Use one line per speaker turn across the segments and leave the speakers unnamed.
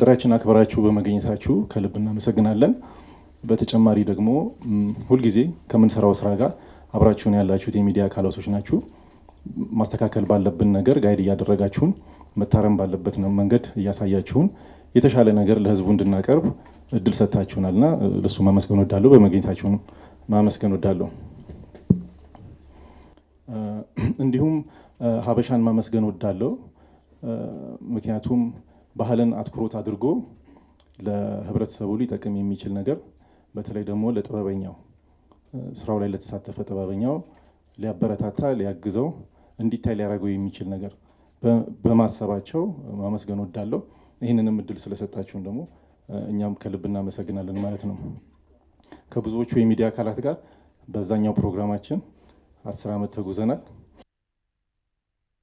ጥሪያችን አክብራችሁ በመገኘታችሁ ከልብ እናመሰግናለን። በተጨማሪ ደግሞ ሁልጊዜ ከምንሰራው ስራ ጋር አብራችሁን ያላችሁት የሚዲያ አካላቶች ናችሁ። ማስተካከል ባለብን ነገር ጋይድ እያደረጋችሁን፣ መታረም ባለበት መንገድ እያሳያችሁን የተሻለ ነገር ለህዝቡ እንድናቀርብ እድል ሰጥታችሁናል እና ለሱ ማመስገን ወዳለሁ። በመገኘታችሁን ማመስገን ወዳለሁ። እንዲሁም ሀበሻን ማመስገን ወዳለሁ ምክንያቱም ባህልን አትኩሮት አድርጎ ለህብረተሰቡ ሊጠቅም የሚችል ነገር በተለይ ደግሞ ለጥበበኛው ስራው ላይ ለተሳተፈ ጥበበኛው ሊያበረታታ፣ ሊያግዘው፣ እንዲታይ ሊያደርገው የሚችል ነገር በማሰባቸው ማመስገን ወዳለሁ። ይህንንም እድል ስለሰጣችሁን ደግሞ እኛም ከልብ እናመሰግናለን ማለት ነው። ከብዙዎቹ የሚዲያ አካላት ጋር በዛኛው ፕሮግራማችን አስር ዓመት ተጉዘናል፣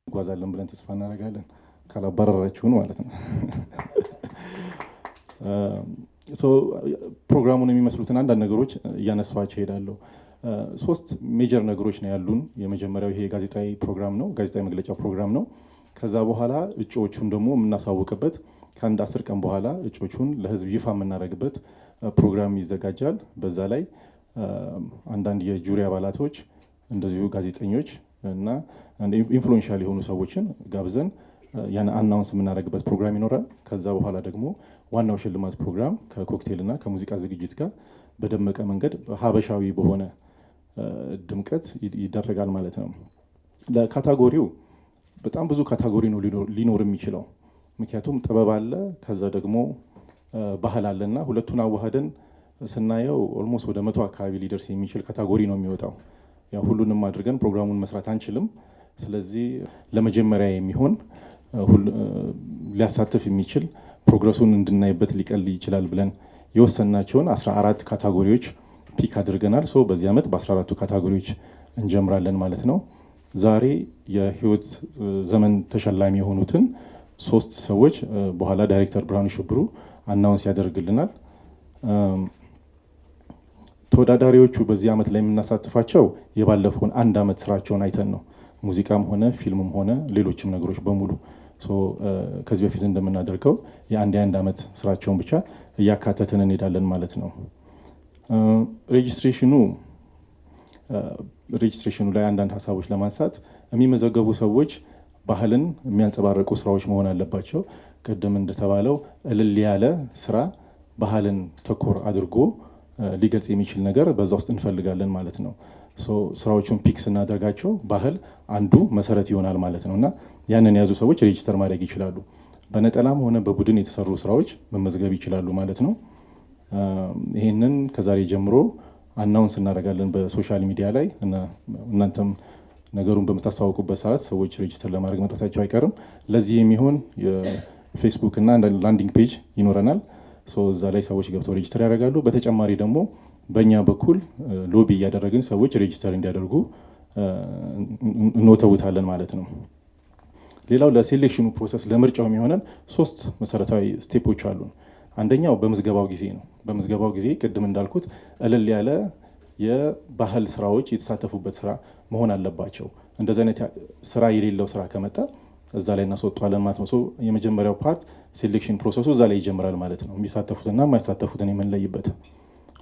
እንጓዛለን ብለን ተስፋ እናደርጋለን። ካላባረረችሁን ማለት ነው። ፕሮግራሙን የሚመስሉትን አንዳንድ ነገሮች እያነሷቸው ይሄዳለሁ። ሶስት ሜጀር ነገሮች ነው ያሉን። የመጀመሪያው ይሄ ጋዜጣዊ ፕሮግራም ነው፣ ጋዜጣዊ መግለጫ ፕሮግራም ነው። ከዛ በኋላ እጩዎቹን ደግሞ የምናሳውቅበት ከአንድ አስር ቀን በኋላ እጩዎቹን ለህዝብ ይፋ የምናደርግበት ፕሮግራም ይዘጋጃል። በዛ ላይ አንዳንድ የጁሪ አባላቶች እንደዚሁ ጋዜጠኞች እና ኢንፍሉዌንሻል የሆኑ ሰዎችን ጋብዘን ያን አናውንስ የምናደርግበት ፕሮግራም ይኖራል። ከዛ በኋላ ደግሞ ዋናው ሽልማት ፕሮግራም ከኮክቴልና ከሙዚቃ ዝግጅት ጋር በደመቀ መንገድ ሀበሻዊ በሆነ ድምቀት ይደረጋል ማለት ነው። ለካታጎሪው በጣም ብዙ ካታጎሪ ነው ሊኖር የሚችለው ምክንያቱም ጥበብ አለ፣ ከዛ ደግሞ ባህል አለ እና ሁለቱን አዋህደን ስናየው ኦልሞስት ወደ መቶ አካባቢ ሊደርስ የሚችል ካታጎሪ ነው የሚወጣው። ያው ሁሉንም አድርገን ፕሮግራሙን መስራት አንችልም። ስለዚህ ለመጀመሪያ የሚሆን ሊያሳትፍ የሚችል ፕሮግረሱን እንድናይበት ሊቀል ይችላል ብለን የወሰናቸውን 14 ካታጎሪዎች ፒክ አድርገናል። ሶ በዚህ ዓመት በ14ቱ ካታጎሪዎች እንጀምራለን ማለት ነው። ዛሬ የህይወት ዘመን ተሸላሚ የሆኑትን ሶስት ሰዎች በኋላ ዳይሬክተር ብርሃኑ ሽብሩ አናውንስ ያደርግልናል። ተወዳዳሪዎቹ በዚህ ዓመት ላይ የምናሳትፋቸው የባለፈውን አንድ ዓመት ስራቸውን አይተን ነው። ሙዚቃም ሆነ ፊልምም ሆነ ሌሎችም ነገሮች በሙሉ ከዚህ በፊት እንደምናደርገው የአንድ የአንድ ዓመት ስራቸውን ብቻ እያካተትን እንሄዳለን ማለት ነው። ሬጅስትሬሽኑ ሬጅስትሬሽኑ ላይ አንዳንድ ሀሳቦች ለማንሳት የሚመዘገቡ ሰዎች ባህልን የሚያንጸባርቁ ስራዎች መሆን አለባቸው። ቅድም እንደተባለው እልል ያለ ስራ ባህልን ተኮር አድርጎ ሊገልጽ የሚችል ነገር በዛ ውስጥ እንፈልጋለን ማለት ነው። ስራዎቹን ፒክ ስናደርጋቸው ባህል አንዱ መሰረት ይሆናል ማለት ነው እና ያንን የያዙ ሰዎች ሬጅስተር ማድረግ ይችላሉ። በነጠላም ሆነ በቡድን የተሰሩ ስራዎች መመዝገብ ይችላሉ ማለት ነው። ይህንን ከዛሬ ጀምሮ አናውንስ እናደርጋለን በሶሻል ሚዲያ ላይ እናንተም ነገሩን በምታስተዋውቁበት ሰዓት ሰዎች ሬጅስተር ለማድረግ መጣታቸው አይቀርም። ለዚህ የሚሆን የፌስቡክ እና ላንዲንግ ፔጅ ይኖረናል። እዛ ላይ ሰዎች ገብተው ሬጅስተር ያደርጋሉ። በተጨማሪ ደግሞ በእኛ በኩል ሎቢ እያደረግን ሰዎች ሬጅስተር እንዲያደርጉ እንወተውታለን ማለት ነው። ሌላው ለሴሌክሽኑ ፕሮሰስ ለምርጫው የሚሆነን ሶስት መሰረታዊ ስቴፖች አሉ። አንደኛው በምዝገባው ጊዜ ነው። በምዝገባው ጊዜ ቅድም እንዳልኩት እልል ያለ የባህል ስራዎች የተሳተፉበት ስራ መሆን አለባቸው። እንደዚህ አይነት ስራ የሌለው ስራ ከመጣ እዛ ላይ እናስወጣዋለን ማለት ነው። የመጀመሪያው ፓርት ሴሌክሽን ፕሮሰሱ እዛ ላይ ይጀምራል ማለት ነው። የሚሳተፉትና የማይሳተፉትን የምንለይበት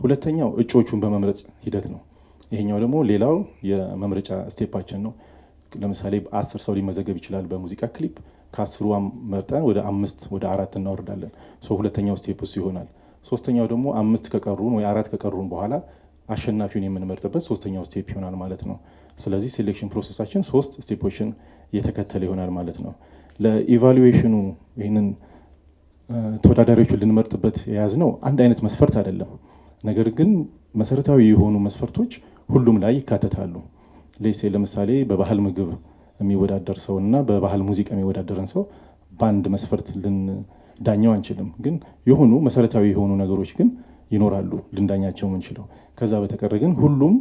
ሁለተኛው እጩዎቹን በመምረጥ ሂደት ነው። ይሄኛው ደግሞ ሌላው የመምረጫ ስቴፓችን ነው። ለምሳሌ አስር ሰው ሊመዘገብ ይችላል በሙዚቃ ክሊፕ። ከአስሩ መርጠን ወደ አምስት ወደ አራት እናወርዳለን። ሁለተኛው ስቴፕ እሱ ይሆናል። ሶስተኛው ደግሞ አምስት ከቀሩን ወይ አራት ከቀሩን በኋላ አሸናፊውን የምንመርጥበት ሶስተኛው ስቴፕ ይሆናል ማለት ነው። ስለዚህ ሴሌክሽን ፕሮሰሳችን ሶስት ስቴፖችን እየተከተለ ይሆናል ማለት ነው። ለኢቫሉዌሽኑ ይህንን ተወዳዳሪዎቹን ልንመርጥበት የያዝ ነው አንድ አይነት መስፈርት አይደለም። ነገር ግን መሰረታዊ የሆኑ መስፈርቶች ሁሉም ላይ ይካተታሉ። ሌሴ ለምሳሌ በባህል ምግብ የሚወዳደር ሰው እና በባህል ሙዚቃ የሚወዳደርን ሰው በአንድ መስፈርት ልንዳኘው አንችልም። ግን የሆኑ መሰረታዊ የሆኑ ነገሮች ግን ይኖራሉ ልንዳኛቸው የምንችለው። ከዛ በተቀረ ግን ሁሉም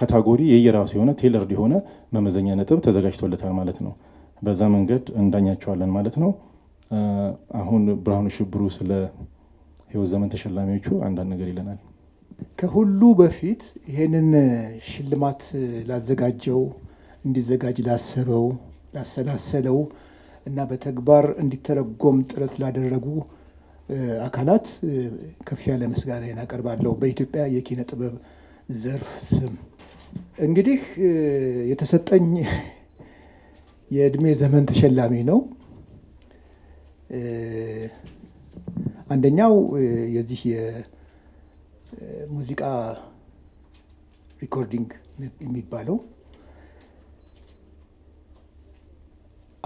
ካታጎሪ የየራሱ የሆነ ቴለርድ የሆነ መመዘኛ ነጥብ ተዘጋጅቶለታል ማለት ነው። በዛ መንገድ እንዳኛቸዋለን ማለት ነው። አሁን ብርሃኑ ሽብሩ ስለ ህይወት ዘመን ተሸላሚዎቹ አንዳንድ ነገር ይለናል።
ከሁሉ በፊት ይህንን ሽልማት ላዘጋጀው እንዲዘጋጅ ላሰበው ላሰላሰለው እና በተግባር እንዲተረጎም ጥረት ላደረጉ አካላት ከፍ ያለ ምስጋና እናቀርባለሁ በኢትዮጵያ የኪነ ጥበብ ዘርፍ ስም። እንግዲህ የተሰጠኝ የእድሜ ዘመን ተሸላሚ ነው። አንደኛው የዚህ የሙዚቃ ሪኮርዲንግ የሚባለው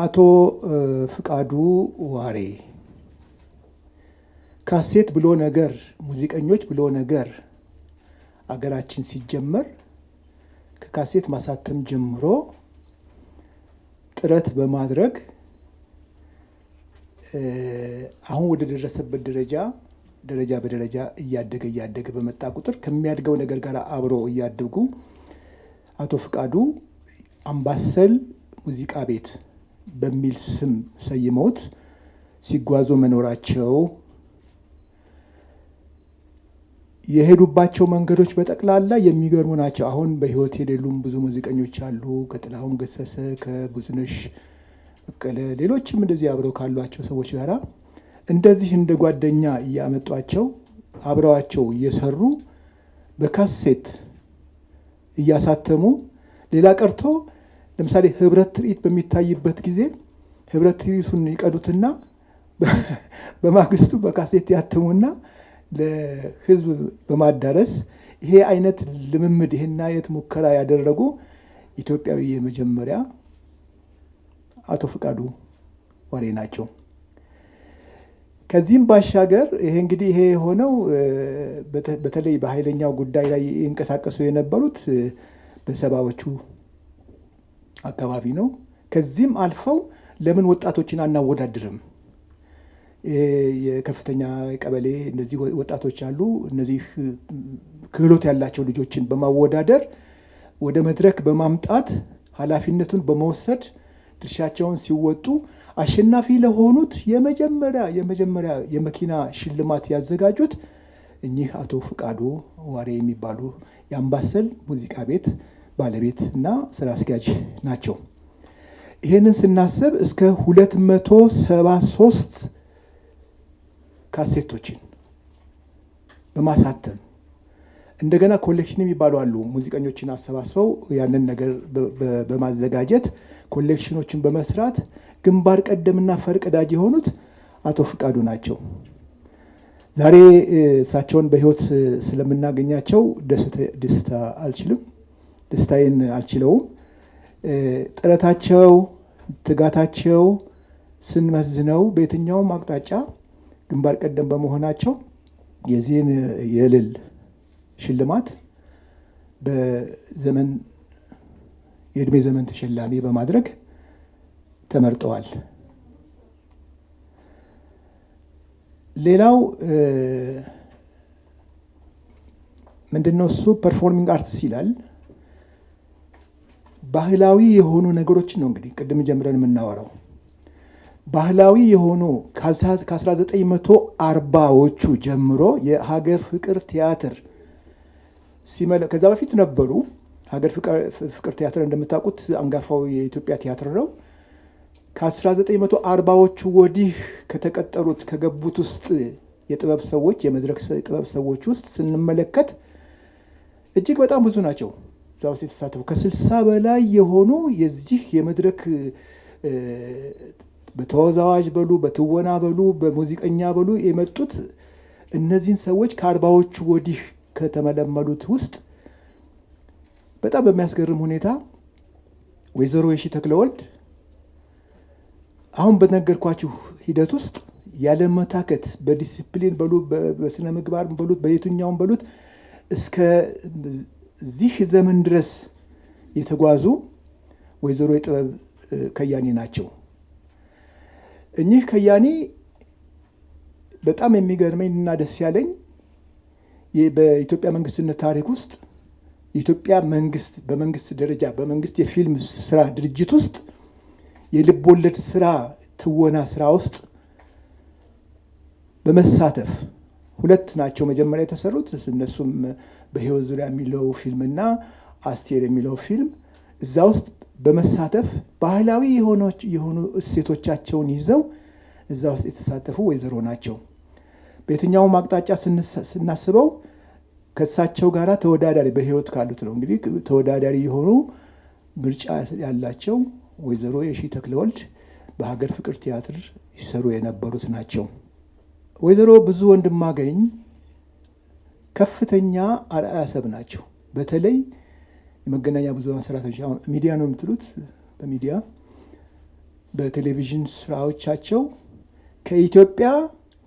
አቶ ፍቃዱ ዋሬ ካሴት ብሎ ነገር ሙዚቀኞች ብሎ ነገር አገራችን ሲጀመር ከካሴት ማሳተም ጀምሮ ጥረት በማድረግ አሁን ወደ ደረሰበት ደረጃ ደረጃ በደረጃ እያደገ እያደገ በመጣ ቁጥር ከሚያድገው ነገር ጋር አብሮ እያደጉ አቶ ፍቃዱ አምባሰል ሙዚቃ ቤት በሚል ስም ሰይመውት ሲጓዙ መኖራቸው የሄዱባቸው መንገዶች በጠቅላላ የሚገርሙ ናቸው። አሁን በሕይወት የሌሉም ብዙ ሙዚቀኞች አሉ። ከጥላሁን ገሰሰ ከብዙነሽ በቀለ፣ ሌሎችም እንደዚህ አብረው ካሏቸው ሰዎች ጋራ እንደዚህ እንደ ጓደኛ እያመጧቸው አብረዋቸው እየሰሩ በካሴት እያሳተሙ ሌላ ቀርቶ ለምሳሌ ህብረት ትርኢት በሚታይበት ጊዜ ህብረት ትርኢቱን ይቀዱትና በማግስቱ በካሴት ያትሙና ለህዝብ በማዳረስ ይሄ አይነት ልምምድ ይሄን አይነት ሙከራ ያደረጉ ኢትዮጵያዊ የመጀመሪያ አቶ ፍቃዱ ወሬ ናቸው። ከዚህም ባሻገር ይሄ እንግዲህ ይሄ የሆነው በተለይ በኃይለኛው ጉዳይ ላይ ይንቀሳቀሱ የነበሩት በሰባዎቹ አካባቢ ነው። ከዚህም አልፈው ለምን ወጣቶችን አናወዳድርም? የከፍተኛ ቀበሌ እነዚህ ወጣቶች አሉ። እነዚህ ክህሎት ያላቸው ልጆችን በማወዳደር ወደ መድረክ በማምጣት ኃላፊነቱን በመውሰድ ድርሻቸውን ሲወጡ አሸናፊ ለሆኑት የመጀመሪያ የመጀመሪያ የመኪና ሽልማት ያዘጋጁት እኚህ አቶ ፍቃዱ ዋሬ የሚባሉ የአምባሰል ሙዚቃ ቤት ባለቤት እና ስራ አስኪያጅ ናቸው። ይህንን ስናስብ እስከ 273 ካሴቶችን በማሳተም እንደገና ኮሌክሽን የሚባሉ አሉ። ሙዚቀኞችን አሰባስበው ያንን ነገር በማዘጋጀት ኮሌክሽኖችን በመስራት ግንባር ቀደምና ፈርቀዳጅ የሆኑት አቶ ፍቃዱ ናቸው። ዛሬ እሳቸውን በህይወት ስለምናገኛቸው ደስታ አልችልም ደስታዬን አልችለውም። ጥረታቸው፣ ትጋታቸው ስንመዝነው በየትኛውም አቅጣጫ ግንባር ቀደም በመሆናቸው የዚህን የልል ሽልማት በዘመን የእድሜ ዘመን ተሸላሚ በማድረግ ተመርጠዋል። ሌላው ምንድነው? እሱ ፐርፎርሚንግ አርትስ ይላል። ባህላዊ የሆኑ ነገሮችን ነው እንግዲህ ቅድም ጀምረን የምናወራው ባህላዊ የሆኑ ከ1940ዎቹ ጀምሮ የሀገር ፍቅር ቲያትር ከዛ በፊት ነበሩ ሀገር ፍቅር ቲያትር እንደምታውቁት አንጋፋው የኢትዮጵያ ቲያትር ነው። ከ1940ዎቹ ወዲህ ከተቀጠሩት ከገቡት ውስጥ የጥበብ ሰዎች የመድረክ ጥበብ ሰዎች ውስጥ ስንመለከት እጅግ በጣም ብዙ ናቸው። እዛ ውስጥ የተሳተፉ ከስልሳ በላይ የሆኑ የዚህ የመድረክ በተወዛዋዥ በሉ በትወና በሉ በሙዚቀኛ በሉ የመጡት እነዚህን ሰዎች ከአርባዎቹ ወዲህ ከተመለመሉት ውስጥ በጣም በሚያስገርም ሁኔታ ወይዘሮ የሺ ተክለወልድ አሁን በነገርኳችሁ ሂደት ውስጥ መታከት በዲሲፕሊን በሉት በስነ ምግባር በሉት በየትኛውም በሉት እስከዚህ ዘመን ድረስ የተጓዙ ወይዘሮ የጥበብ ከያኔ ናቸው። እኚህ ከያኔ በጣም የሚገርመኝ እና ደስ ያለኝ በኢትዮጵያ መንግስትነት ታሪክ ውስጥ የኢትዮጵያ መንግስት በመንግስት ደረጃ በመንግስት የፊልም ስራ ድርጅት ውስጥ የልቦለድ ስራ ትወና ስራ ውስጥ በመሳተፍ ሁለት ናቸው መጀመሪያ የተሰሩት። እነሱም በህይወት ዙሪያ የሚለው ፊልምና አስቴር የሚለው ፊልም እዛ ውስጥ በመሳተፍ ባህላዊ የሆኑ እሴቶቻቸውን ይዘው እዛ ውስጥ የተሳተፉ ወይዘሮ ናቸው። በየትኛውም አቅጣጫ ስናስበው ከእሳቸው ጋር ተወዳዳሪ በህይወት ካሉት ነው እንግዲህ ተወዳዳሪ የሆኑ ምርጫ ያላቸው ወይዘሮ የሺ ተክለወልድ በሀገር ፍቅር ቲያትር ይሰሩ የነበሩት ናቸው። ወይዘሮ ብዙ ወንድማገኝ ከፍተኛ አርአያ ሰብ ናቸው። በተለይ የመገናኛ ብዙኃን ሰራተኞች ሚዲያ ነው የምትሉት፣ በሚዲያ በቴሌቪዥን ስራዎቻቸው ከኢትዮጵያ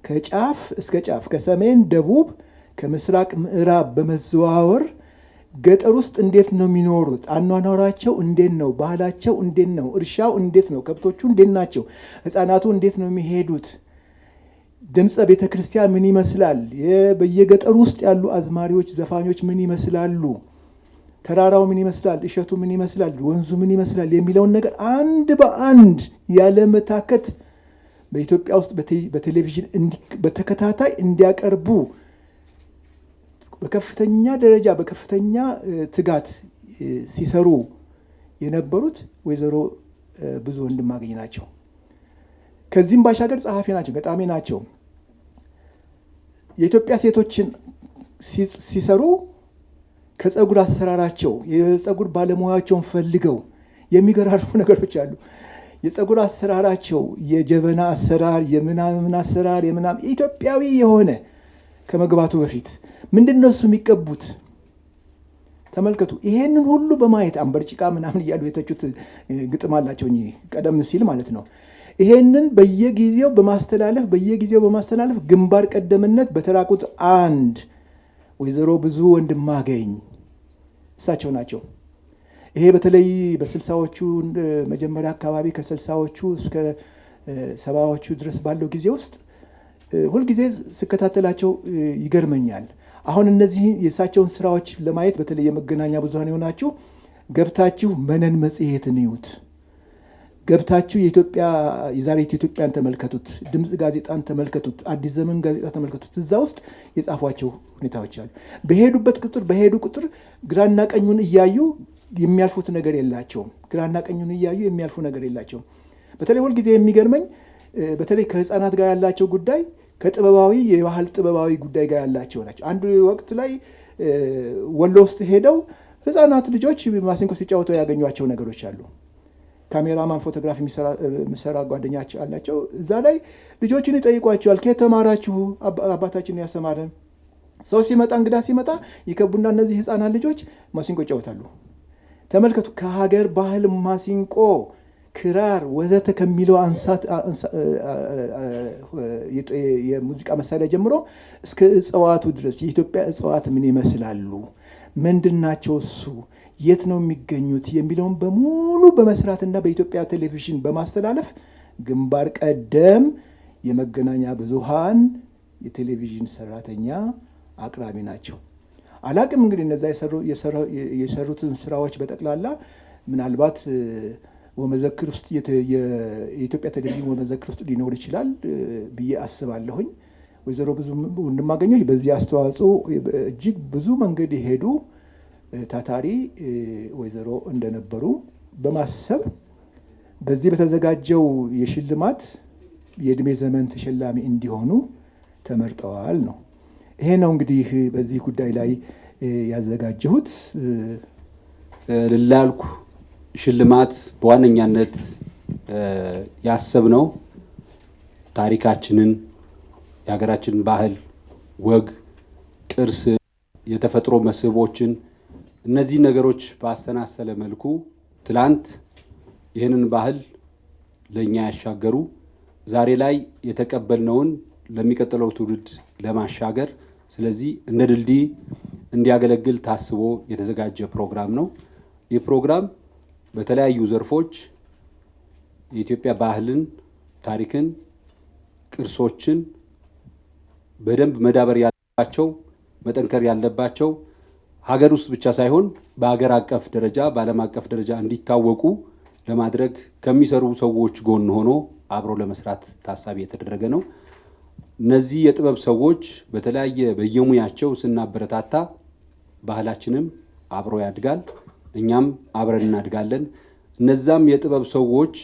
ከጫፍ እስከ ጫፍ ከሰሜን ደቡብ ከምስራቅ ምዕራብ በመዘዋወር ገጠር ውስጥ እንዴት ነው የሚኖሩት? አኗኗራቸው እንዴት ነው? ባህላቸው እንዴት ነው? እርሻው እንዴት ነው? ከብቶቹ እንዴት ናቸው? ህፃናቱ እንዴት ነው የሚሄዱት? ድምፀ ቤተ ክርስቲያን ምን ይመስላል? በየገጠሩ ውስጥ ያሉ አዝማሪዎች፣ ዘፋኞች ምን ይመስላሉ? ተራራው ምን ይመስላል? እሸቱ ምን ይመስላል? ወንዙ ምን ይመስላል? የሚለውን ነገር አንድ በአንድ ያለ መታከት በኢትዮጵያ ውስጥ በቴሌቪዥን በተከታታይ እንዲያቀርቡ በከፍተኛ ደረጃ በከፍተኛ ትጋት ሲሰሩ የነበሩት ወይዘሮ ብዙ ወንድማገኝ ናቸው። ከዚህም ባሻገር ጸሐፊ ናቸው፣ ገጣሚ ናቸው። የኢትዮጵያ ሴቶችን ሲሰሩ ከፀጉር አሰራራቸው የፀጉር ባለሙያቸውን ፈልገው የሚገራርፉ ነገሮች አሉ። የፀጉር አሰራራቸው የጀበና አሰራር፣ የምናምን አሰራር፣ የምናምን ኢትዮጵያዊ የሆነ ከመግባቱ በፊት ምንድን ነው እሱ የሚቀቡት? ተመልከቱ። ይሄንን ሁሉ በማየት አንበር ጭቃ ምናምን እያሉ የተቹት ግጥም አላቸው ቀደም ሲል ማለት ነው። ይሄንን በየጊዜው በማስተላለፍ በየጊዜው በማስተላለፍ ግንባር ቀደምነት በተራቁት አንድ ወይዘሮ ብዙ ወንድማገኝ እሳቸው ናቸው። ይሄ በተለይ በስልሳዎቹ መጀመሪያ አካባቢ ከስልሳዎቹ እስከ ሰባዎቹ ድረስ ባለው ጊዜ ውስጥ ሁልጊዜ ስከታተላቸው ይገርመኛል። አሁን እነዚህ የእሳቸውን ስራዎች ለማየት በተለይ የመገናኛ ብዙሃን የሆናችሁ ገብታችሁ መነን መጽሔትን እዩት። ገብታችሁ የኢትዮጵያ የዛሬቱ ኢትዮጵያን ተመልከቱት። ድምፅ ጋዜጣን ተመልከቱት። አዲስ ዘመን ጋዜጣ ተመልከቱት። እዛ ውስጥ የጻፏቸው ሁኔታዎች አሉ። በሄዱበት ቁጥር በሄዱ ቁጥር ግራና ቀኙን እያዩ የሚያልፉት ነገር የላቸውም። ግራና ቀኙን እያዩ የሚያልፉ ነገር የላቸውም። በተለይ ሁልጊዜ የሚገርመኝ በተለይ ከህፃናት ጋር ያላቸው ጉዳይ ከጥበባዊ የባህል ጥበባዊ ጉዳይ ጋር ያላቸው ናቸው። አንድ ወቅት ላይ ወሎ ውስጥ ሄደው ህፃናት ልጆች ማሲንቆ ሲጫወቱ ያገኟቸው ነገሮች አሉ። ካሜራማን ፎቶግራፍ የሚሰራ ጓደኛ አላቸው። እዛ ላይ ልጆችን ይጠይቋቸዋል። ከተማራችሁ አባታችን ያስተማረን ሰው ሲመጣ እንግዳ ሲመጣ ይከቡና እነዚህ ህፃናት ልጆች ማሲንቆ ይጫወታሉ። ተመልከቱ፣ ከሀገር ባህል ማሲንቆ ክራር ወዘተ ከሚለው አንሳት የሙዚቃ መሳሪያ ጀምሮ እስከ እጽዋቱ ድረስ የኢትዮጵያ እጽዋት ምን ይመስላሉ፣ ምንድናቸው፣ እሱ የት ነው የሚገኙት የሚለውን በሙሉ በመስራትና በኢትዮጵያ ቴሌቪዥን በማስተላለፍ ግንባር ቀደም የመገናኛ ብዙሃን የቴሌቪዥን ሰራተኛ አቅራቢ ናቸው። አላቅም እንግዲህ እነዛ የሰሩትን ስራዎች በጠቅላላ ምናልባት ወመዘክር ውስጥ የኢትዮጵያ ቴሌቪዥን ወመዘክር ውስጥ ሊኖር ይችላል ብዬ አስባለሁኝ። ወይዘሮ ብዙ እንደማገኘው በዚህ አስተዋጽኦ እጅግ ብዙ መንገድ የሄዱ ታታሪ ወይዘሮ እንደነበሩ በማሰብ በዚህ በተዘጋጀው የሽልማት የእድሜ ዘመን ተሸላሚ እንዲሆኑ ተመርጠዋል ነው። ይሄ ነው እንግዲህ በዚህ ጉዳይ ላይ ያዘጋጀሁት
ልላልኩ ሽልማት በዋነኛነት ያሰብነው ታሪካችንን፣ የሀገራችንን ባህል፣ ወግ፣ ቅርስ፣ የተፈጥሮ መስህቦችን እነዚህ ነገሮች ባሰናሰለ መልኩ ትላንት ይህንን ባህል ለእኛ ያሻገሩ ዛሬ ላይ የተቀበልነውን ለሚቀጥለው ትውልድ ለማሻገር ስለዚህ እንደ ድልድይ እንዲያገለግል ታስቦ የተዘጋጀ ፕሮግራም ነው። ይህ ፕሮግራም በተለያዩ ዘርፎች የኢትዮጵያ ባህልን፣ ታሪክን፣ ቅርሶችን በደንብ መዳበር ያለባቸው መጠንከር ያለባቸው ሀገር ውስጥ ብቻ ሳይሆን በሀገር አቀፍ ደረጃ በዓለም አቀፍ ደረጃ እንዲታወቁ ለማድረግ ከሚሰሩ ሰዎች ጎን ሆኖ አብሮ ለመስራት ታሳቢ የተደረገ ነው። እነዚህ የጥበብ ሰዎች በተለያየ በየሙያቸው ስናበረታታ ባህላችንም አብሮ ያድጋል። እኛም አብረን እናድጋለን። እነዛም የጥበብ ሰዎች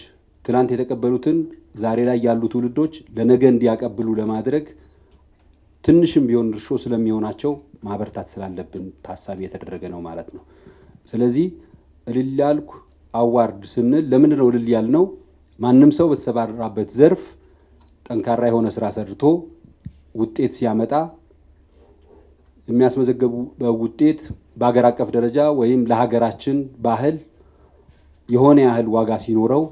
ትናንት የተቀበሉትን ዛሬ ላይ ያሉ ትውልዶች ለነገ እንዲያቀብሉ ለማድረግ ትንሽም ቢሆን ድርሾ ስለሚሆናቸው ማበርታት ስላለብን ታሳቢ የተደረገ ነው ማለት ነው። ስለዚህ እልል ያልኩ አዋርድ ስንል ለምንድን ነው እልል ነው? ማንም ሰው በተሰባራበት ዘርፍ ጠንካራ የሆነ ስራ ሰርቶ ውጤት ሲያመጣ የሚያስመዘገቡ ውጤት በሀገር አቀፍ ደረጃ ወይም ለሀገራችን ባህል የሆነ ያህል ዋጋ ሲኖረው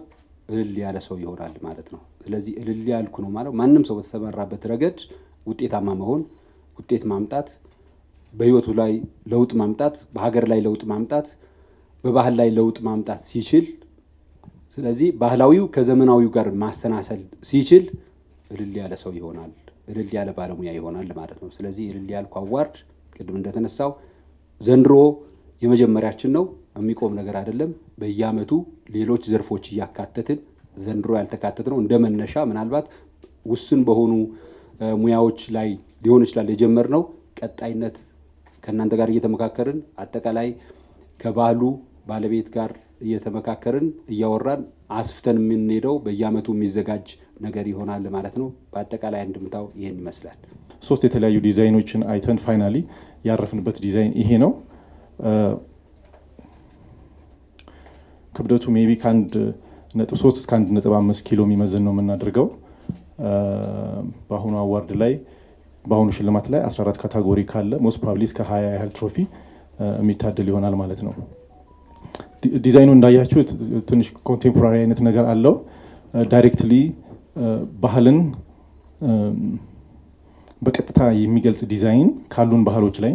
እልል ያለ ሰው ይሆናል ማለት ነው። ስለዚህ እልል ያልኩ ነው ማለት ማንም ሰው በተሰማራበት ረገድ ውጤታማ መሆን፣ ውጤት ማምጣት፣ በህይወቱ ላይ ለውጥ ማምጣት፣ በሀገር ላይ ለውጥ ማምጣት፣ በባህል ላይ ለውጥ ማምጣት ሲችል፣ ስለዚህ ባህላዊው ከዘመናዊው ጋር ማሰናሰል ሲችል እልል ያለ ሰው ይሆናል። እልል ያለ ባለሙያ ይሆናል ማለት ነው። ስለዚህ እልል ያልኩ አዋርድ ቅድም እንደተነሳው ዘንድሮ የመጀመሪያችን ነው፣ የሚቆም ነገር አይደለም። በየአመቱ ሌሎች ዘርፎች እያካተትን ዘንድሮ ያልተካተት ነው እንደ መነሻ ምናልባት ውስን በሆኑ ሙያዎች ላይ ሊሆን ይችላል የጀመርነው ቀጣይነት ከእናንተ ጋር እየተመካከርን አጠቃላይ ከባህሉ ባለቤት ጋር እየተመካከርን እያወራን አስፍተን የምንሄደው በየአመቱ የሚዘጋጅ ነገር ይሆናል ማለት ነው። በአጠቃላይ አንድምታው ይህን ይመስላል።
ሶስት የተለያዩ ዲዛይኖችን አይተን ፋይናሊ ያረፍንበት ዲዛይን ይሄ ነው። ክብደቱ ሜይ ቢ ከአንድ ነጥብ ሶስት እስከ አንድ ነጥብ አምስት ኪሎ የሚመዝን ነው የምናደርገው። በአሁኑ አዋርድ ላይ በአሁኑ ሽልማት ላይ 14 ካታጎሪ ካለ ሞስት ፕሮባብሊ እስከ 20 ያህል ትሮፊ የሚታደል ይሆናል ማለት ነው። ዲዛይኑ እንዳያችሁት ትንሽ ኮንቴምፖራሪ አይነት ነገር አለው። ዳይሬክትሊ uh, uh, ባህልን um, በቀጥታ የሚገልጽ ዲዛይን ካሉን ባህሎች ላይ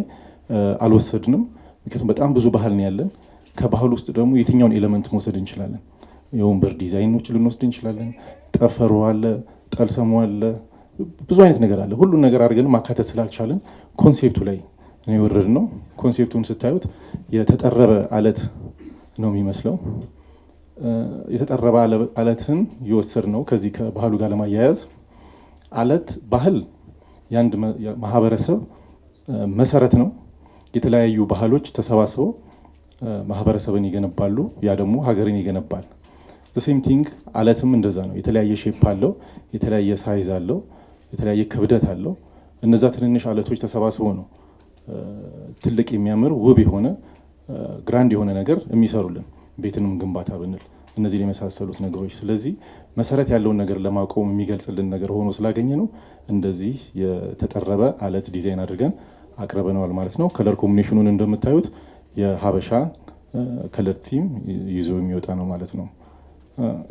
uh, አልወሰድንም። ምክንያቱም በጣም ብዙ ባህል ነው ያለን። ከባህል ውስጥ ደግሞ የትኛውን ኤሌመንት መውሰድ እንችላለን? የወንበር ዲዛይኖች ልንወስድ እንችላለን። ጠፈሮ አለ፣ ጠልሰሙ አለ፣ ብዙ አይነት ነገር አለ። ሁሉን ነገር አድርገን ማካተት ስላልቻለን ኮንሴፕቱ ላይ ነው የወረድ ነው። ኮንሴፕቱን ስታዩት የተጠረበ አለት ነው የሚመስለው። የተጠረበ አለትን የወሰድ ነው ከዚህ ከባህሉ ጋር ለማያያዝ አለት ባህል የአንድ ማህበረሰብ መሰረት ነው። የተለያዩ ባህሎች ተሰባስበው ማህበረሰብን ይገነባሉ። ያ ደግሞ ሀገርን ይገነባል። ሴም ቲንግ አለትም እንደዛ ነው። የተለያየ ሼፕ አለው፣ የተለያየ ሳይዝ አለው፣ የተለያየ ክብደት አለው። እነዛ ትንንሽ አለቶች ተሰባስበው ነው ትልቅ የሚያምር ውብ የሆነ ግራንድ የሆነ ነገር የሚሰሩልን ቤትንም ግንባታ ብንል እነዚህን የመሳሰሉት ነገሮች ስለዚህ መሰረት ያለውን ነገር ለማቆም የሚገልጽልን ነገር ሆኖ ስላገኘ ነው እንደዚህ የተጠረበ አለት ዲዛይን አድርገን አቅርበነዋል ማለት ነው። ከለር ኮምቢኔሽኑን እንደምታዩት የሀበሻ ከለር ቲም ይዞ የሚወጣ ነው ማለት ነው።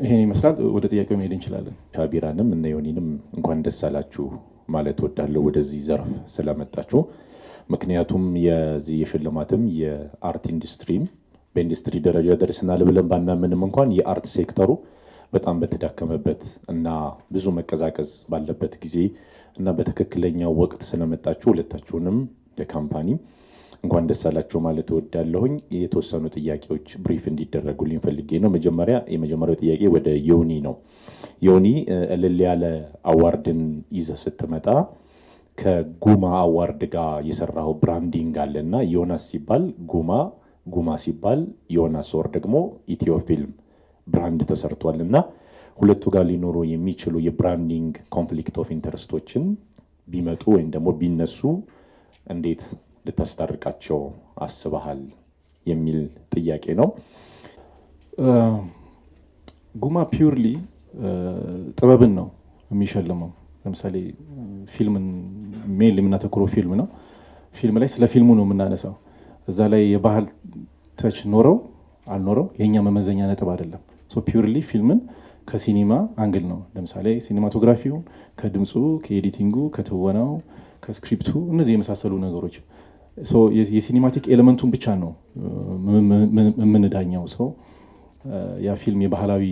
ይሄን ይመስላል። ወደ ጥያቄው መሄድ እንችላለን። ሻቢራንም እነ ዮኒንም እንኳን ደስ አላችሁ ማለት ወዳለሁ ወደዚህ ዘርፍ ስለመጣችሁ። ምክንያቱም የዚህ የሽልማትም የአርት ኢንዱስትሪም በኢንዱስትሪ ደረጃ ደርሰናል ብለን ባናምንም እንኳን የአርት ሴክተሩ በጣም በተዳከመበት እና ብዙ መቀዛቀዝ ባለበት ጊዜ እና በትክክለኛው ወቅት ስለመጣችሁ ሁለታችሁንም ለካምፓኒ እንኳን ደስ አላችሁ ማለት እወዳለሁኝ። የተወሰኑ ጥያቄዎች ብሪፍ እንዲደረጉልኝ ፈልጌ ነው። መጀመሪያ የመጀመሪያው ጥያቄ ወደ ዮኒ ነው። ዮኒ እልል ያለ አዋርድን ይዘህ ስትመጣ ከጉማ አዋርድ ጋር የሰራው ብራንዲንግ አለና ዮናስ ሲባል ጉማ፣ ጉማ ሲባል ዮናስ ወር ደግሞ ኢትዮ ፊልም ብራንድ ተሰርቷል እና ሁለቱ ጋር ሊኖሩ የሚችሉ የብራንዲንግ ኮንፍሊክት ኦፍ ኢንተረስቶችን ቢመጡ ወይም ደግሞ ቢነሱ እንዴት ልታስታርቃቸው አስበሃል የሚል ጥያቄ ነው። ጉማ ፒውርሊ ጥበብን ነው የሚሸልመው። ለምሳሌ ፊልምን ሜል የምናተኩረው ፊልም ነው። ፊልም ላይ ስለ ፊልሙ ነው የምናነሳው። እዛ ላይ የባህል ተች ኖረው አልኖረው የእኛ መመዘኛ ነጥብ አይደለም። ፒውርሊ ፊልምን ከሲኒማ አንግል ነው። ለምሳሌ ሲኒማቶግራፊው፣ ከድምፁ፣ ከኤዲቲንጉ፣ ከትወናው፣ ከስክሪፕቱ እነዚህ የመሳሰሉ ነገሮች የሲኒማቲክ ኤሌመንቱን ብቻ ነው የምንዳኘው። ሰው ያ ፊልም የባህላዊ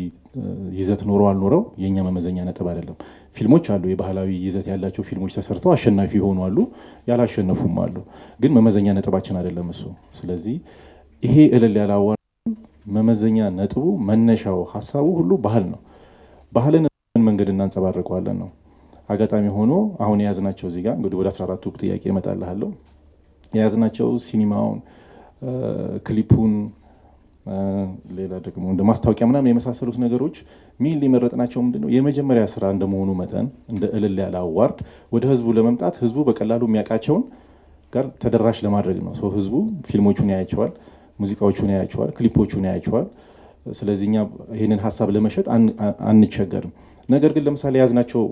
ይዘት ኖረው አልኖረው የእኛ መመዘኛ ነጥብ አይደለም። ፊልሞች አሉ። የባህላዊ ይዘት ያላቸው ፊልሞች ተሰርተው አሸናፊ የሆኑ አሉ፣ ያላሸነፉም አሉ። ግን መመዘኛ ነጥባችን አይደለም እሱ። ስለዚህ ይሄ እልል ያላዋ መመዘኛ ነጥቡ፣ መነሻው፣ ሀሳቡ ሁሉ ባህል ነው። ባህልን ምን መንገድ እናንጸባርቀዋለን ነው። አጋጣሚ ሆኖ አሁን የያዝናቸው እዚህ ጋር እንግዲህ ወደ 14ቱ ጥያቄ እመጣልሃለሁ። የያዝናቸው ሲኒማውን ክሊፑን ሌላ ደግሞ እንደ ማስታወቂያ ምናምን የመሳሰሉት ነገሮች ሚል የመረጥናቸው ምንድነው የመጀመሪያ ስራ እንደመሆኑ መጠን እንደ እልል ያለ አዋርድ ወደ ህዝቡ ለመምጣት ህዝቡ በቀላሉ የሚያውቃቸውን ጋር ተደራሽ ለማድረግ ነው። ሰው ህዝቡ ፊልሞቹን ያያቸዋል፣ ሙዚቃዎቹን ያያቸዋል፣ ክሊፖቹን ያያቸዋል። ስለዚህ እኛ ይህንን ሀሳብ ለመሸጥ አንቸገርም። ነገር ግን ለምሳሌ የያዝናቸው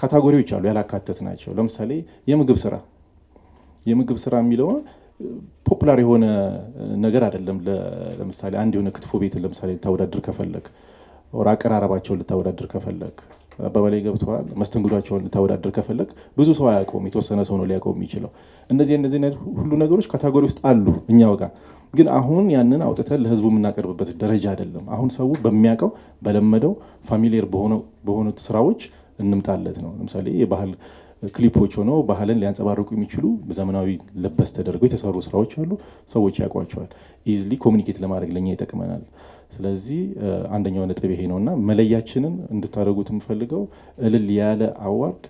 ካታጎሪዎች አሉ ያላካተት ናቸው። ለምሳሌ የምግብ ስራ የምግብ ስራ የሚለውን ፖፑላር የሆነ ነገር አይደለም። ለምሳሌ አንድ የሆነ ክትፎ ቤትን ለምሳሌ ልታወዳድር ከፈለግ ወር አቀራረባቸውን ልታወዳድር ከፈለግ አባባላይ ገብተዋል መስተንግዷቸውን ልታወዳድር ከፈለግ ብዙ ሰው አያውቀውም። የተወሰነ ሰው ነው ሊያውቀው የሚችለው። እነዚህ እነዚህ ሁሉ ነገሮች ካታጎሪ ውስጥ አሉ እኛው ጋር ግን አሁን ያንን አውጥተን ለህዝቡ የምናቀርብበት ደረጃ አይደለም። አሁን ሰው በሚያውቀው በለመደው ፋሚሊየር በሆኑት ስራዎች እንምጣለት ነው። ለምሳሌ የባህል ክሊፖች ሆነው ባህልን ሊያንጸባርቁ የሚችሉ በዘመናዊ ለበስ ተደርገው የተሰሩ ስራዎች አሉ። ሰዎች ያውቋቸዋል። ኢዝሊ ኮሚኒኬት ለማድረግ ለኛ ይጠቅመናል። ስለዚህ አንደኛው ነጥብ ይሄ ነውእና መለያችንን እንድታደርጉት የምፈልገው እልል ያለ አዋርድ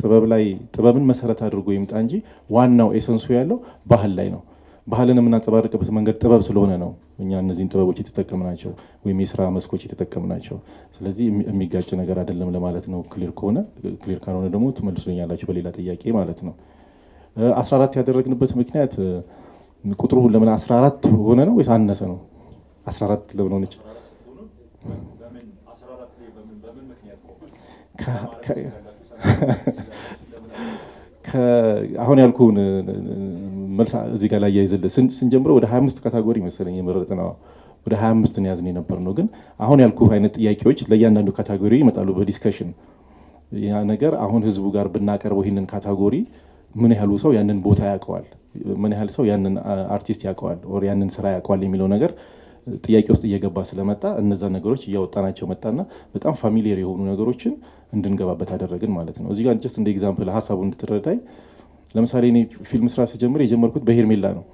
ጥበብ ላይ ጥበብን መሰረት አድርጎ ይምጣ እንጂ ዋናው ኤሰንሱ ያለው ባህል ላይ ነው። ባህልን የምናንጸባርቅበት መንገድ ጥበብ ስለሆነ ነው። እኛ እነዚህን ጥበቦች የተጠቀምናቸው ወይም የስራ መስኮች የተጠቀምናቸው። ስለዚህ የሚጋጭ ነገር አይደለም ለማለት ነው። ክሊር ከሆነ ክሊር ካልሆነ ደግሞ ትመልሱልኛላችሁ በሌላ ጥያቄ ማለት ነው። አራት ያደረግንበት ምክንያት ቁጥሩ ለምን 14 ሆነ ነው ወይስ አነሰ ነው? 14 ለምን ሆነች? አሁን ያልኩህን መልስ እዚህ ጋር ላይ ያይዘለ ስንጀምረው ወደ 25 ካታጎሪ መሰለኝ የመረጥ ነው ወደ 25 ነው ያዝን የነበር ነው። ግን አሁን ያልኩ አይነት ጥያቄዎች ለእያንዳንዱ ካታጎሪ ይመጣሉ በዲስከሽን ያ ነገር አሁን ህዝቡ ጋር ብናቀርበው ይህንን ካታጎሪ ምን ያህሉ ሰው ያንን ቦታ ያውቀዋል፣ ምን ያህል ሰው ያንን አርቲስት ያውቀዋል፣ ወር ያንን ስራ ያውቀዋል የሚለው ነገር ጥያቄ ውስጥ እየገባ ስለመጣ እነዛ ነገሮች እያወጣናቸው መጣና በጣም ፋሚሊየር የሆኑ ነገሮችን እንድንገባበት አደረግን ማለት ነው። እዚህ ጋር ጀስት እንደ ኤግዛምፕል ሀሳቡ እንድትረዳኝ ለምሳሌ እኔ ፊልም ስራ ስጀምር የጀመርኩት በሄርሜላ ነው።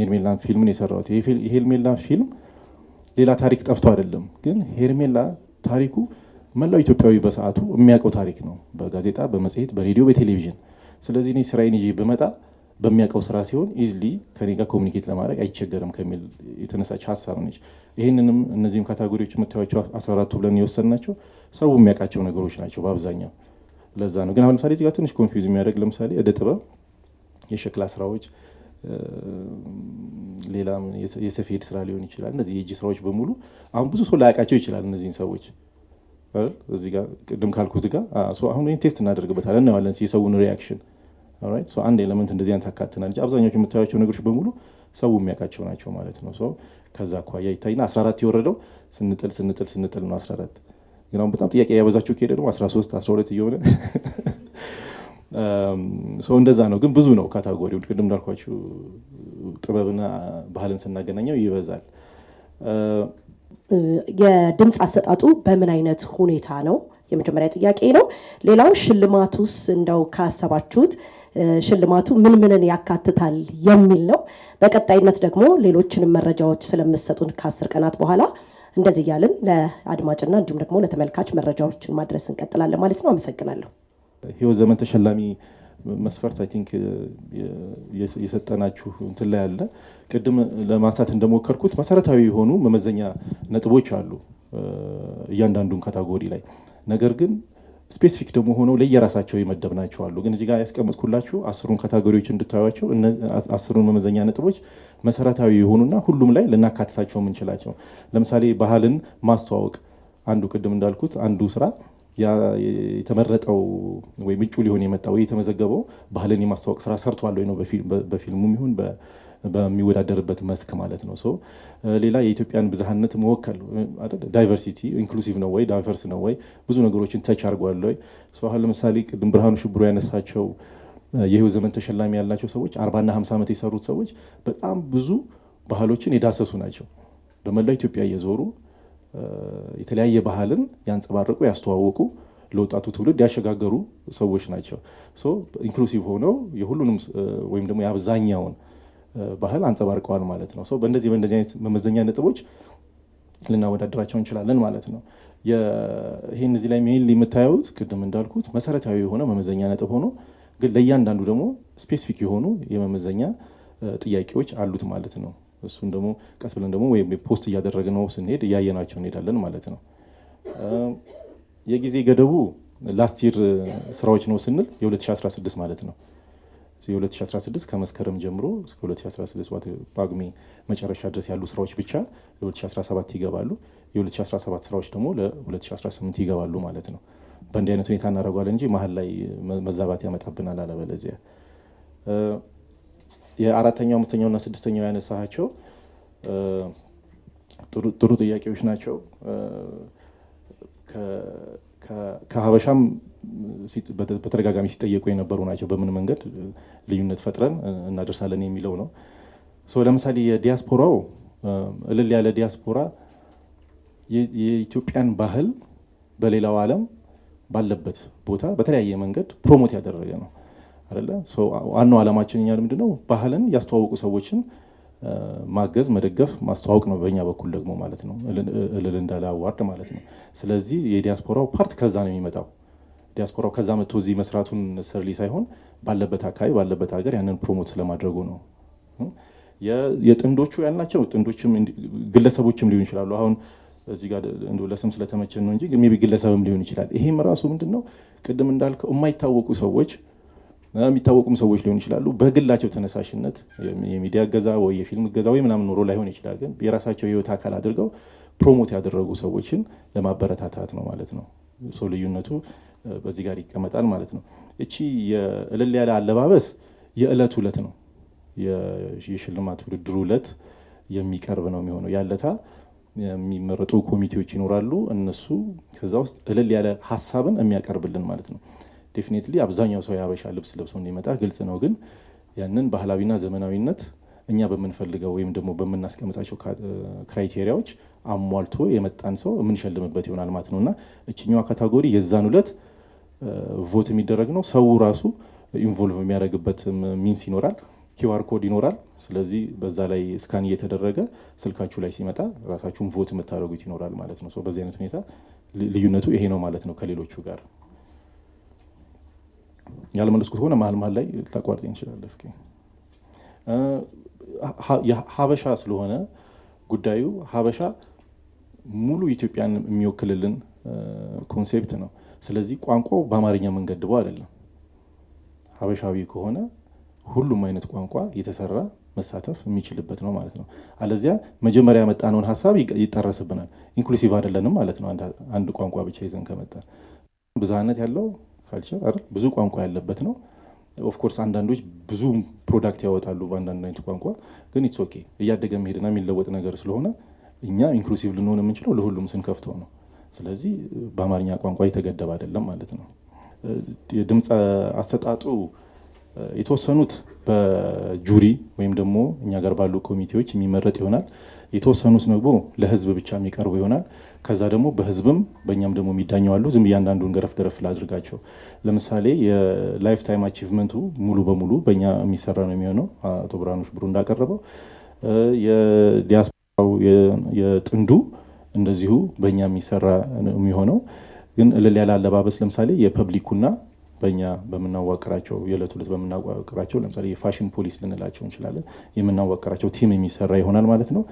ሄርሜላ ፊልምን የሰራሁት የሄርሜላ ፊልም ሌላ ታሪክ ጠፍቶ አይደለም፣ ግን ሄርሜላ ታሪኩ መላው ኢትዮጵያዊ በሰዓቱ የሚያውቀው ታሪክ ነው፣ በጋዜጣ በመጽሔት በሬዲዮ በቴሌቪዥን። ስለዚህ እኔ ስራዬን ይዤ ብመጣ በሚያውቀው ስራ ሲሆን ኢዝሊ ከኔ ጋር ኮሚኒኬት ለማድረግ አይቸገርም ከሚል የተነሳች ሀሳብ ነች። ይህንንም እነዚህም ካታጎሪዎች የምታዩቸው አስራ አራቱ ብለን የወሰድናቸው ሰው የሚያውቃቸው ነገሮች ናቸው በአብዛኛው። ለዛ ነው ግን አሁን ለምሳሌ እዚህ ጋር ትንሽ ኮንፊውዝ የሚያደርግ ለምሳሌ እደ ጥበብ የሸክላ ስራዎች፣ ሌላም የሰፌድ ስራ ሊሆን ይችላል። እነዚህ የእጅ ስራዎች በሙሉ አሁን ብዙ ሰው ላያውቃቸው ይችላል። እነዚህን ሰዎች እዚህ ጋር ቅድም ካልኩት ጋር አሁን ወይም ቴስት እናደርግበታለን እናየዋለን የሰውን ሪያክሽን አንድ ኤለመንት እንደዚህ አይነት አካትናል። አብዛኛዎቹ የምታያቸው ነገሮች በሙሉ ሰው የሚያውቃቸው ናቸው ማለት ነው። ሰው ከዛ አኳያ ይታይና 14 የወረደው ስንጥል ስንጥል ስንጥል ነው 14 ግን አሁን በጣም ጥያቄ ያበዛችሁ ከሄደ ደግሞ 13 12 እየሆነ ሰው እንደዛ ነው። ግን ብዙ ነው ካታጎሪው። ቅድም እንዳልኳችሁ ጥበብና ባህልን ስናገናኘው ይበዛል።
የድምፅ አሰጣጡ በምን አይነት ሁኔታ ነው? የመጀመሪያ ጥያቄ ነው። ሌላው ሽልማቱስ እንደው ካሰባችሁት ሽልማቱ ምን ምንን ያካትታል የሚል ነው። በቀጣይነት ደግሞ ሌሎችንም መረጃዎች ስለምሰጡን ከአስር ቀናት በኋላ እንደዚህ እያልን ለአድማጭና እንዲሁም ደግሞ ለተመልካች መረጃዎችን ማድረስ እንቀጥላለን ማለት ነው። አመሰግናለሁ።
ህይወት ዘመን ተሸላሚ መስፈርት አይ ቲንክ የሰጠናችሁ እንትን ላይ አለ። ቅድም ለማንሳት እንደሞከርኩት መሰረታዊ የሆኑ መመዘኛ ነጥቦች አሉ እያንዳንዱን ካታጎሪ ላይ ነገር ግን ስፔሲፊክ ደግሞ ሆነው ለየራሳቸው የመደብናቸው አሉ። ግን እዚህ ጋር ያስቀመጥኩላችሁ አስሩን ካታጎሪዎች እንድታዩቸው አስሩን መመዘኛ ነጥቦች መሰረታዊ የሆኑና ሁሉም ላይ ልናካትታቸው የምንችላቸው ለምሳሌ ባህልን ማስተዋወቅ አንዱ ቅድም እንዳልኩት አንዱ ስራ የተመረጠው ወይም እጩ ሊሆን የመጣው ወይ የተመዘገበው ባህልን የማስታወቅ ስራ ሰርቷል ወይ ነው በፊልሙም ይሁን በሚወዳደርበት መስክ ማለት ነው። ሌላ የኢትዮጵያን ብዝሃነት መወከል ዳይቨርሲቲ ኢንክሉሲቭ ነው ወይ ዳይቨርስ ነው ወይ ብዙ ነገሮችን ተች አድርጓል ወይ? አሁን ለምሳሌ ቅድም ብርሃኑ ሽብሩ ያነሳቸው የህይወት ዘመን ተሸላሚ ያላቸው ሰዎች አርባና ሀምሳ ዓመት የሰሩት ሰዎች በጣም ብዙ ባህሎችን የዳሰሱ ናቸው። በመላው ኢትዮጵያ እየዞሩ የተለያየ ባህልን ያንጸባረቁ ያስተዋወቁ ለወጣቱ ትውልድ ያሸጋገሩ ሰዎች ናቸው። ኢንክሉሲቭ ሆነው የሁሉንም ወይም ደግሞ የአብዛኛውን ባህል አንጸባርቀዋል ማለት ነው። በእንደዚህ በእንደዚህ አይነት መመዘኛ ነጥቦች ልናወዳደራቸው እንችላለን ማለት ነው። ይህን እዚህ ላይ ሜይል የምታዩት ቅድም እንዳልኩት መሰረታዊ የሆነ መመዘኛ ነጥብ ሆኖ ግን ለእያንዳንዱ ደግሞ ስፔሲፊክ የሆኑ የመመዘኛ ጥያቄዎች አሉት ማለት ነው። እሱን ደግሞ ቀስ ብለን ደግሞ ወይም ፖስት እያደረግ ነው ስንሄድ እያየናቸው እንሄዳለን ማለት ነው። የጊዜ ገደቡ ላስት ይር ስራዎች ነው ስንል የ2016 ማለት ነው። የ2016 ከመስከረም ጀምሮ እስከ 2016 ጳጉሜ መጨረሻ ድረስ ያሉ ስራዎች ብቻ ለ2017 ይገባሉ። የ2017 ስራዎች ደግሞ ለ2018 ይገባሉ ማለት ነው። በእንዲህ አይነት ሁኔታ እናደርጓለን እንጂ መሀል ላይ መዛባት ያመጣብናል አለበለዚያ የአራተኛው አምስተኛው እና ስድስተኛው ያነሳቸው ጥሩ ጥያቄዎች ናቸው። ከሀበሻም በተደጋጋሚ ሲጠየቁ የነበሩ ናቸው። በምን መንገድ ልዩነት ፈጥረን እናደርሳለን የሚለው ነው። ለምሳሌ የዲያስፖራው እልል ያለ ዲያስፖራ የኢትዮጵያን ባህል በሌላው ዓለም ባለበት ቦታ በተለያየ መንገድ ፕሮሞት ያደረገ ነው። አይደለ? ዋናው ዓላማችን እኛ ነው ባህልን ያስተዋወቁ ሰዎችን ማገዝ፣ መደገፍ፣ ማስተዋወቅ ነው። በእኛ በኩል ደግሞ ማለት ነው እልል እንዳለ አዋርድ ማለት ነው። ስለዚህ የዲያስፖራው ፓርት ከዛ ነው የሚመጣው። ዲያስፖራው ከዛ መጥቶ እዚህ መስራቱን ስርሊ ሳይሆን ባለበት አካባቢ ባለበት ሀገር ያንን ፕሮሞት ስለማድረጉ ነው። የጥንዶቹ ያልናቸው ጥንዶችም ግለሰቦችም ሊሆን ይችላሉ። አሁን እዚህ ጋር ለስም ስለተመቸን ነው እንጂ ግለሰብም ሊሆን ይችላል። ይሄም ራሱ ምንድን ነው ቅድም እንዳልከው የማይታወቁ ሰዎች የሚታወቁም ሰዎች ሊሆን ይችላሉ። በግላቸው ተነሳሽነት የሚዲያ እገዛ ወይ የፊልም እገዛ ወይ ምናምን ኖሮ ላይሆን ይችላል። ግን የራሳቸው የህይወት አካል አድርገው ፕሮሞት ያደረጉ ሰዎችን ለማበረታታት ነው ማለት ነው። ሰው ልዩነቱ በዚህ ጋር ይቀመጣል ማለት ነው። እቺ የእልል ያለ አለባበስ የእለት ውለት ነው። የሽልማት ውድድሩ ዕለት የሚቀርብ ነው የሚሆነው ያለታ የሚመረጡ ኮሚቴዎች ይኖራሉ። እነሱ ከዛ ውስጥ እልል ያለ ሀሳብን የሚያቀርብልን ማለት ነው። ዴፊኔትሊ አብዛኛው ሰው የሀበሻ ልብስ ለብሶ እንዲመጣ ግልጽ ነው። ግን ያንን ባህላዊና ዘመናዊነት እኛ በምንፈልገው ወይም ደግሞ በምናስቀምጣቸው ክራይቴሪያዎች አሟልቶ የመጣን ሰው የምንሸልምበት ይሆናል ማለት ነው እና እችኛዋ ካታጎሪ የዛን ዕለት ቮት የሚደረግ ነው። ሰው ራሱ ኢንቮልቭ የሚያደርግበት ሚንስ ይኖራል፣ ኪዋር ኮድ ይኖራል። ስለዚህ በዛ ላይ ስካን እየተደረገ ስልካችሁ ላይ ሲመጣ ራሳችሁን ቮት የምታደርጉት ይኖራል ማለት ነው። በዚህ አይነት ሁኔታ ልዩነቱ ይሄ ነው ማለት ነው ከሌሎቹ ጋር ያለመለስ ከሆነ መሀል መሀል ላይ ልታቋርጠኝ ትችላለህ። ሀበሻ ስለሆነ ጉዳዩ ሀበሻ ሙሉ ኢትዮጵያን የሚወክልልን ኮንሴፕት ነው። ስለዚህ ቋንቋው በአማርኛ የምንገድበው አይደለም። ሀበሻዊ ከሆነ ሁሉም አይነት ቋንቋ የተሰራ መሳተፍ የሚችልበት ነው ማለት ነው። አለዚያ መጀመሪያ ያመጣነውን ሀሳብ ይጠረስብናል። ኢንክሉሲቭ አይደለንም ማለት ነው። አንድ ቋንቋ ብቻ ይዘን ከመጣ ብዝሃነት ያለው ካልቸር አይደል ብዙ ቋንቋ ያለበት ነው። ኦፍኮርስ አንዳንዶች ብዙ ፕሮዳክት ያወጣሉ በአንዳንድ አይነት ቋንቋ ግን ኢትስ ኦኬ እያደገ መሄድና የሚለወጥ ነገር ስለሆነ እኛ ኢንክሉሲቭ ልንሆን የምንችለው ለሁሉም ስንከፍተው ነው። ስለዚህ በአማርኛ ቋንቋ የተገደበ አይደለም ማለት ነው። የድምፅ አሰጣጡ የተወሰኑት በጁሪ ወይም ደግሞ እኛ ጋር ባሉ ኮሚቴዎች የሚመረጥ ይሆናል። የተወሰኑት ደግሞ ለህዝብ ብቻ የሚቀርቡ ይሆናል። ከዛ ደግሞ በህዝብም በእኛም ደግሞ የሚዳኘው አሉ። ዝም እያንዳንዱን ገረፍ ገረፍ ላድርጋቸው። ለምሳሌ የላይፍ ታይም አቺቭመንቱ ሙሉ በሙሉ በእኛ የሚሰራ ነው የሚሆነው። አቶ ብርሃኖች ብሩ እንዳቀረበው የዲያስፖራው የጥንዱ እንደዚሁ በእኛ የሚሰራ የሚሆነው። ግን እልል ያለ አለባበስ ለምሳሌ የፐብሊኩና በእኛ በምናዋቅራቸው የዕለት ዕለት በምናዋቅራቸው ለምሳሌ የፋሽን ፖሊስ ልንላቸው እንችላለን የምናዋቅራቸው ቲም የሚሰራ ይሆናል ማለት ነው።